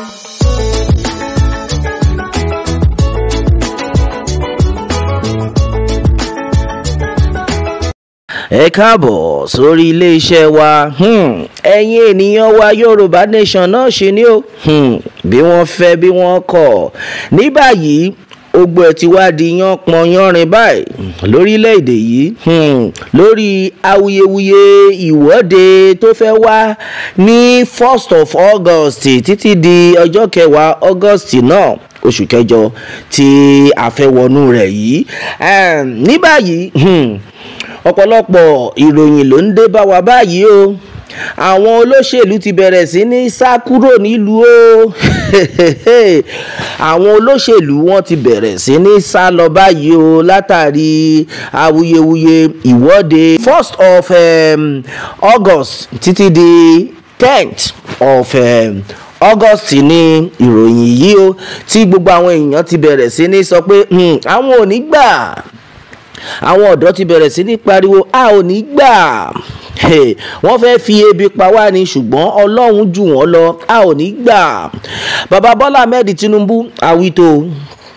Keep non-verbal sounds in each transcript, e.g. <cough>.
ẹ káàbọ̀ sórí iléeṣẹ́ wa hmm, ẹ̀yin ènìyàn wa Yorùbá Nation náà ṣì ní o hmm, bí wọ́n fẹ́ bí wọ́n kọ̀ ní báyìí ogbó ẹ̀ ti wá di yán pọn yánrin báyìí lórílẹ̀‐èdè yìí hmm, lórí awuyewuye ìwọ́de tó fẹ́ wá ní first of August títí di ọjọ́ kẹwàá August náà oṣù kẹjọ tí a fẹ́ wọnú rẹ̀ yìí ehm, ní báyìí hmm, ọ̀pọ̀lọpọ̀ ìròyìn ló ń dé bá wa báyìí o àwọn olóṣèlú ti bẹ̀rẹ̀ sí ní sá kúrò nílùú o <laughs> àwọn olóṣèlú wọn ti bẹ̀rẹ̀ sí ní sá lọ báyìí o látàrí awuyewuye ìwọ́de first of um, August títí di tenth of um, August ní ìròyìn yìí o tí gbogbo àwọn èèyàn ti bẹ̀rẹ̀ sí ní sọ pé hmm, àwọn ò ní gbà àwọn ọ̀dọ́ ti bẹ̀rẹ̀ sí ní pariwo a ò ní gbà wọ́n fẹ́ fi ebi pa wá ni ṣùgbọ́n ọlọ́run jù wọ́n lọ a ò ní gbà bàbá bọ́lá ahmed tinubu àwítò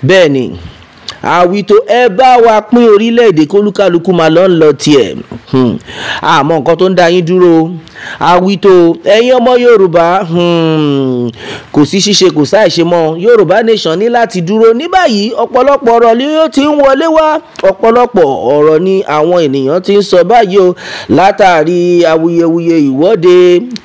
bẹ́ẹ̀ ni àwítò ẹ bá wa pín orílẹ̀-èdè kólúkálukú máa lọ lọ tiẹ̀ hmm, àmọ́ nǹkan tó ń da yín dúró àwìtò ẹ̀yin ọmọ yorùbá hmm, kò sí ṣíṣe kò sáì ṣe mọ́ yorùbá nation ní láti dúró ní báyìí ọ̀pọ̀lọpọ̀ ọ̀rọ̀ ni ó ti ń wọlé wá ọ̀pọ̀lọpọ̀ ọ̀rọ̀ ni àwọn ènìyàn ti ń sọ báyìí o látàrí awuyewuye ìwọ́de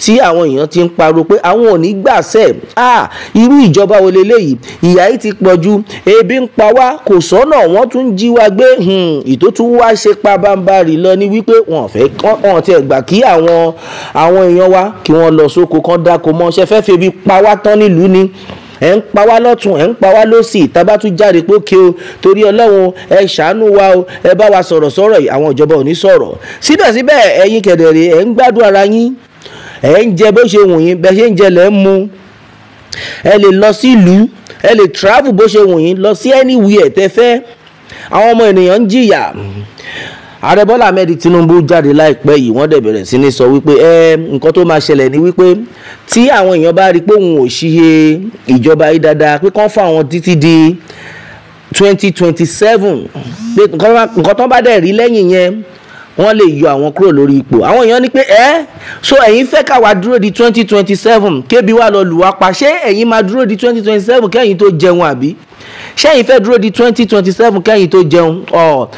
tí àwọn èèyàn ti ń pariwo pé àwọn ò ní gbà sẹ̀ à irú ìjọba wo leléyìí ìyà yìí ti pọ̀ ju ebi ń pa wá kò sọ́nà wọ́n tún jí wa gbé hmm, ìtótú wá ṣe pabambarì lọ ní wípé wọn fẹ́ wọn ò tiẹ̀ gbà kí àwọn àwọn èèyàn wa kí wọ́n lọ sóko kan dáko mọ́ ṣe fẹ́ fi ebi pa wá tán nílùú ni ẹ̀ ń pa wá lọ́tún ẹ̀ ń pa wá lọ́sì tábà tún jáde pé òkè o torí ọlọ́run ẹ ṣàánú wa o ẹ bá wa sọ̀rọ̀ sọ̀rọ̀ yìí àwọn ìjọba ò ní sọ̀rọ̀ síbẹ̀síbẹ̀ ẹ̀yin kẹ̀dẹ̀rẹ̀ ẹ̀ ń gbádùn ara yín ẹ̀ ń jẹ bó ṣe wù yín bẹ́ẹ̀ ṣe ń jẹ lẹ́ ń mu ẹ lè lọ sí ẹ lè travel bó ṣe wù yín lọ sí anywhere tẹ́ fẹ́ àwọn ọmọ ènìyàn ń jìyà ààrẹ bọ́lá ahmed tinubu jáde láìpẹ́ yìí wọ́n dẹ̀ bẹ̀rẹ̀ sí ní sọ wípé ẹ nǹkan tó máa ṣẹlẹ̀ ni wípé tí àwọn èèyàn bá rí i pé òun ò ṣiye ìjọba yìí dáadáa pé kán fún àwọn títí di twenty twenty seven pé nǹkan tó bá dẹ̀ rí lẹ́yìn yẹn wọ́n lè yọ àwọn kúrò lórí ipò àwọn èèyàn ní pé ẹ́ so ẹ̀yin fẹ́ káwa dúró di twenty twenty seven kébi wà lọ lù wá pa ṣé ẹ̀yin máa dúró di twenty twenty seven kẹ́yìn tó jẹun àbí ṣẹ́yìn fẹ́ dúró di twenty twenty seven kẹ́yìn tó jẹun ọ̀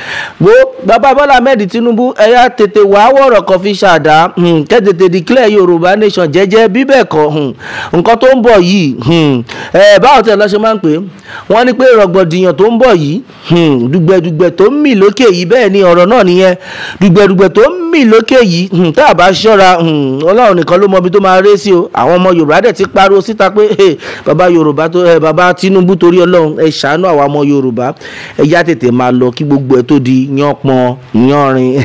wo bàbá Bọ́lá Ahmed Tinubu ẹ̀yà tètè wàá wọ̀rọ̀ kan fi ṣàdá hmm, kẹ́tètè declare Yorùbá nation jẹ́jẹ́ bíbẹ̀ kọ́ hmm, nǹkan tó ń bọ̀ yìí hmm, ẹ̀ báwọn tẹ̀ lọ́ ṣe máa ń pè wọ́n ní pé rọ̀gbọ̀dìyàn tó ń bọ̀ yìí dùgbẹ̀dùgbẹ̀ tó ń mì lókè yìí bẹ́ẹ̀ ni ọ̀rọ̀ náà nìyẹn dùgbẹ̀dùgbẹ̀ tó ń mì lókè yìí tá a bá ṣọ́ra Ọlọ́run nìkan ló mọ ibi tó máa ré sí o àwọn ọmọ Yorùbá dẹ̀ ti pariwo síta pé bàbá Yorùbá Tinubu torí Ọlọ́run ẹ̀ ṣá ṣàánú àwa ọmọ Yorùbá ẹ̀yà tètè máa lọ kí gbogbo ẹ̀ tó di yánpọn yánrin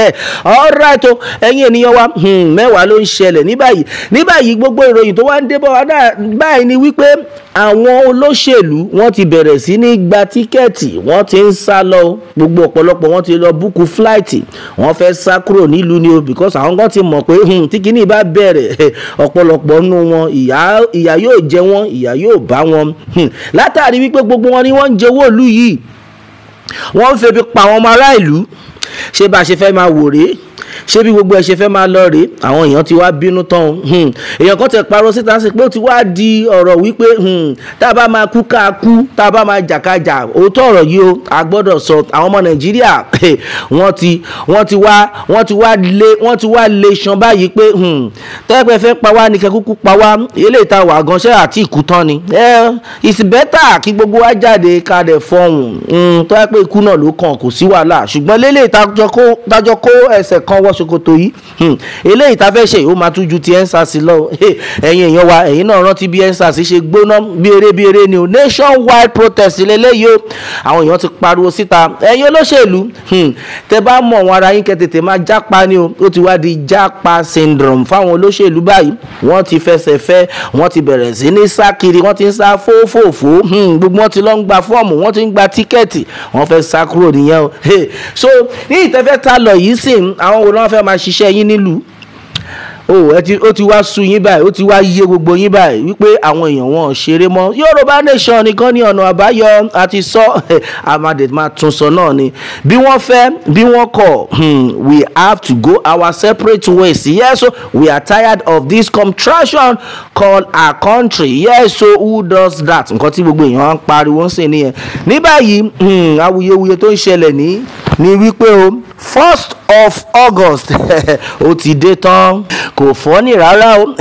<laughs> alright o ẹ̀yin ènìyàn wa hmm, mẹ́wàá ló ń ṣẹlẹ̀ ní báyìí ní báyìí gbogbo ìròyìn tó wá ń débọ̀ báyìí ni wípé àwọn olóṣèlú wọ́n ti bẹ̀rẹ̀ sí ní gba tíkẹ́ẹ̀tì wọ́n ti ń sá lọ gbogbo ọ̀pọ̀lọpọ̀ wọ́n ti lọ búkú fúláìtì wọ́n fẹ́ sá kúrò nílùú ni o because àwọn kan ti mọ̀ pé hmm, tí kinní bá bẹ̀rẹ̀ <laughs> ọ̀pọ̀lọpọ̀ nù wọn ìyà yóò jẹ wọn ìyà yóò bá wọn hmm, látàrí wípé gbogbo wọn ni wọ́n ń jẹ owó ìlú yìí wọ́n ń febi pa àwọn ọmọ aráàlú ṣé bá a ṣe fẹ́ máa wòrè ṣé bí gbogbo ẹ ṣe fẹ́ máa lọ rèé àwọn èèyàn ti wá bínú tán o hmm. èèyàn kan tẹ̀ parọ́ síta sí pé ó ti wá di ọ̀rọ̀ wípé hmm, tá a bá máa kú ká kú tá a bá máa jà ká jà òótọ́ ọ̀rọ̀ yìí o a gbọ́dọ̀ sọ àwọn ọmọ nàìjíríà wọ́n ti wọ́n ti wá wọ́n ti wá lé wọ́n ti wá lé ṣan báyìí pé hmm, tẹ́pẹ́ fẹ́ pa wá ní kẹ́kúkú pa wá eléyìí tá wà gan ṣẹ́ àti ìkú tán ni it's better kí gbogbo wa jáde ká dẹ̀ fọhùn tọ́pẹ́ ikú náà ló kàn kò sí wàhálà ṣùgbọ́n lélẹ́yìí tájọ kó wọ ṣòkòtò yìí hmm. eléyìí tá a fẹ́ ṣe ó máa tún ju ti ensars lọ ẹ̀yin èèyàn wa ẹ̀yin náà rántí bí ensars ṣe gbóná bí eré bí eré ni o nationwide protest lélẹ́yìí o àwọn èèyàn ti pariwo síta ẹ̀yin olóṣèlú hmm, tẹ bá mọ̀ wọn ara yín kẹ́ máa jápa ni o ó ti wá di jápa syndrome fáwọn olóṣèlú báyìí wọ́n ti fẹsẹ̀ fẹ́ wọ́n ti bẹ̀rẹ̀ sí ní sá kiri wọ́n ti ń sá fófòfó hmm, gbogbo wọn ti lọ ń gba fọ́ọ̀mù wọ́n ti ń gba tíkẹ́ẹ̀tì wọ́n fẹ́ sá kúrò nìyẹn o so ní ìtẹ́fẹ́ lọ yìí sìn àwọn wòlọ́ náà fẹ́ máa ṣiṣẹ́ yín nílùú o ó ti wá sú yín báyìí ó ti wá yé gbogbo yín báyìí wípé àwọn èèyàn wọn ò ṣeré mọ́ Yorùbá nation nìkan ni ọ̀nà àbáyọ àti sọ amade <laughs> máa tún sọ náà ni bí wọ́n fẹ́ bí wọ́n kọ̀ hmm, we have to go our separate ways yes so we are tired of this contraction called our country yes so who does that nǹkan tí gbogbo èèyàn ń pariwo ń sìn nìyẹn ní báyìí hmm, awuyewuye tó ń ṣẹlẹ̀ ní. ní wípé o first of august <laughs> ó ti dé tán kò fọ́ni rárá o <laughs>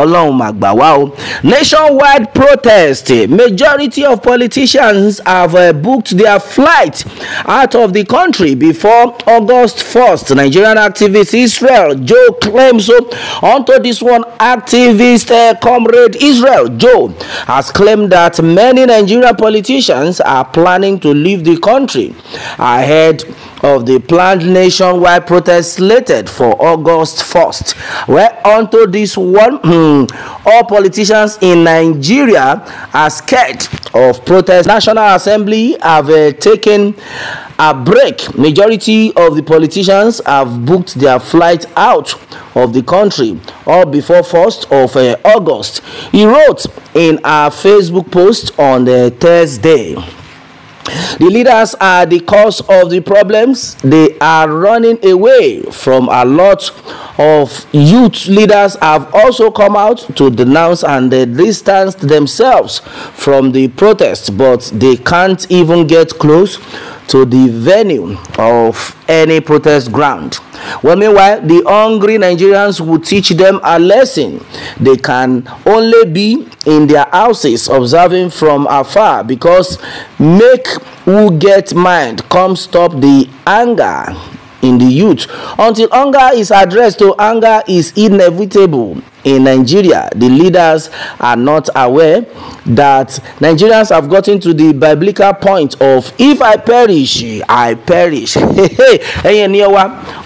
ọlọ́run mà gbà wá o nationwide protest majority of politicians have uh, booked their flight out of the country before august 1st nigerian activist israel joe claims so oh, onto this one activist uh, comrade israel joe has claimed that many nigerian politicians are planning to leave the country ahead ahead of the planned nationwide protest slated for August 1st. Where unto this one, hmm, all politicians in Nigeria are scared of protest. National Assembly have uh, taken a break. Majority of the politicians have booked their flight out of the country or before 1st of uh, August. He wrote in a Facebook post on the eh, Thursday. The leaders are the cause of the problems. They are running away from a lot of youth leaders have also come out to denounce and they distance themselves from the protest, but they can't even get close to the venue of any protest ground. Well, meanwhile, the hungry Nigerians will teach them a lesson. They can only be in their houses observing from afar because make who get mind come stop the anger in the youth. Until anger is addressed to anger is inevitable. in Nigeria. The leaders are not aware that Nigerians have gotten to the biblical point of if I perish, I perish. <laughs> Hey, hey, hey,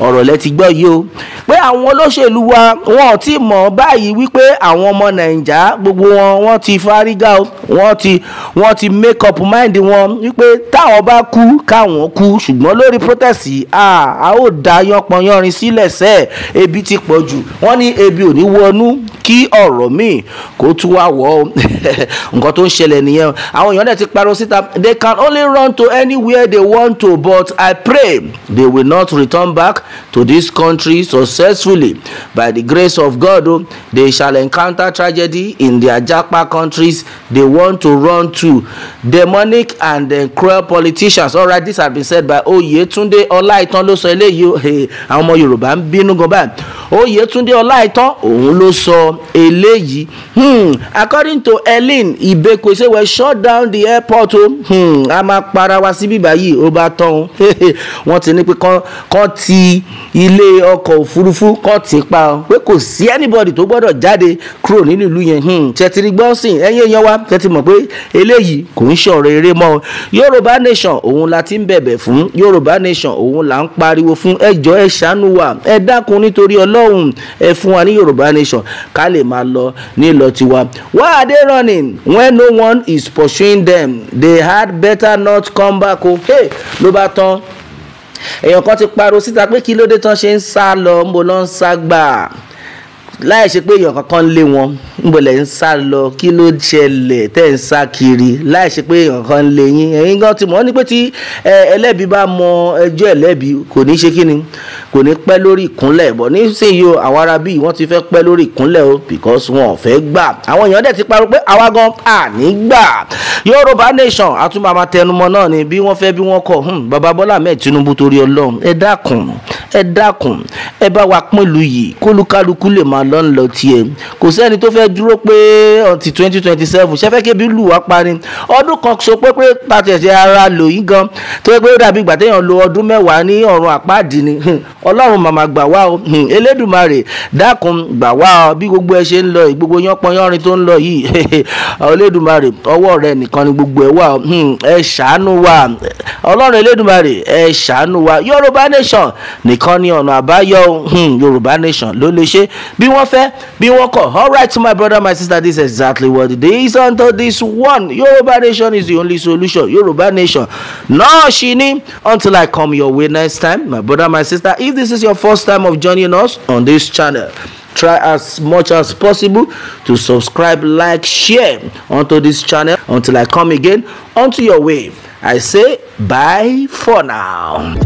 ọ̀rọ̀ lẹ ti gbọ́ yìí o pé àwọn olóṣèlú wa wọn ò tí mọ̀ báyìí wípé àwọn ọmọ nàìjà gbogbo wọn wọ́n ti fárígà o wọ́n ti wọ́n ti make up mind wọn wípé táwọn bá kú káwọn kú ṣùgbọ́n lórí protest a a ó dá yánpọnyánrin sílẹ̀ sẹ́ẹ̀ ebi ti pọ̀ jù wọ́n ní ebi ò ní wọnú kí ọ̀rọ̀ míì kó tún wá wọ̀ ọ́ <laughs> nǹkan tó ń ṣẹlẹ̀ nìyẹn àwọn èèyàn dẹ̀ ti pariwo síta they can only run to anywhere they want to but I pray they will not return back to this country successfully by the grace of God o they shall encounter tragedy in their japa countries they want to run to demonic and then eh, cruel politicians All right, this has been said by Oyetunde Ọláìtàn ló sọ eléyìí <laughs> àwọn ọmọ Yorùbá ń bínú gan báyìí Oyetunde Ọláìtàn òun ló sọ eléyìí hmm, according to Helen Ibekwe ṣe wẹ́ shut down the airport hmm, a máa para wa síbí báyìí ó bá tán <laughs> wọ́n ti ní pé kán ti ilé ọkọ̀ òfurufú kán ti pa ọ pé kò sí anybody tó gbọ́dọ̀ jáde kúrò nínú ìlú yẹn hmm, tẹ̀tìrì gbọ́nsìn ẹ̀yìn èèyàn wa tẹ̀tì mọ̀ pé eléyìí kò ń ṣọ̀rọ̀ eré mọ́ Yorùbá nation òun la ti ń bẹ̀bẹ̀ fún Yorùbá nation òun la ń pariwo fún ẹjọ́ ẹ ṣàánú wa ẹ dákun nítorí Ọlọ́run ẹ fún wa ní Yorùbá nation ká lè máa lọ ní ìlọ tiwa. why are they running when no one is pursuing them they had better not come back o hey, ló bá tán èèyàn kan ti pariwo síta pé kí ló dé tán ṣe ń sá lọ ń lọ ń sá gbà láì ṣe pé èèyàn kankan lé wọn ńbọlẹ̀ ń sá lọ kí ló ṣẹlẹ̀ tẹ́ ń sá kiri láì ṣe pé èèyàn kan lé yín ẹ̀yin gan ti mọ̀ ọ́ ni pé tí ẹlẹ́bi bá mọ ẹjọ́ ẹlẹ́bi kò ní ṣe kí ni kò ní pẹ́ lórí ìkúnlẹ̀ bọ̀ nísìnyí o àwọn ará bíi wọ́n ti fẹ́ pẹ́ lórí ìkúnlẹ̀ o because wọn ò fẹ́ gbà àwọn èèyàn dẹ̀ ti parọ́ pé àwa gan à ní gbà Yorùbá nation àtúmọ̀ àmàtẹnumọ́ náà ni bí wọ́n fẹ́ bí wọ́n kọ̀ hmm, bàbá Bọ́lá mẹ́ẹ̀ Tinubu torí Ọlọ́run ẹ dákun ẹ dákun ẹ bá wa pọ́nlù yìí kólúkálukú lè máa lọ ń lọ tiẹ̀ kò sẹ́ni tó fẹ́ dúró pé ọtí twenty twenty seven ṣẹ́fẹ́ kébi lù wá parí ọdún kan so pé pé pàtẹ́sẹ̀ ara lò yín gan tó yẹ pé ó dàbí ìgbà téèyàn lo ọdún mẹ́wàá ní ọ̀run àpáàdì ni ọlọ́run màmá gbà wá o elédùmarè dákun gbà wá o bí gbogbo ẹ ṣe ń lọ gbogbo yánpọnyánrin tó ń lọ yìí <laughs> elédùmarè ọwọ́ rẹ nìkan ni gbogbo ẹ wà o ẹ ṣàánú wa ọlọ́run elédùmarè ẹ ṣàánú wa Yorùbá nation nìkan. ìkànnì ọ̀nà àbáyọ hmm, yorùbá nation ló lè ṣe bí wọ́n fẹ́ bí wọ́n kọ̀ alright my brother my sister this is exactly what it is until this one yorùbá nation is the only solution yorùbá nation náà ṣì ní until i come your way next time my brother my sister if this is your first time of joining us on this channel try as much as possible to subscribe like share onto this channel until i come again onto your way i say bye for now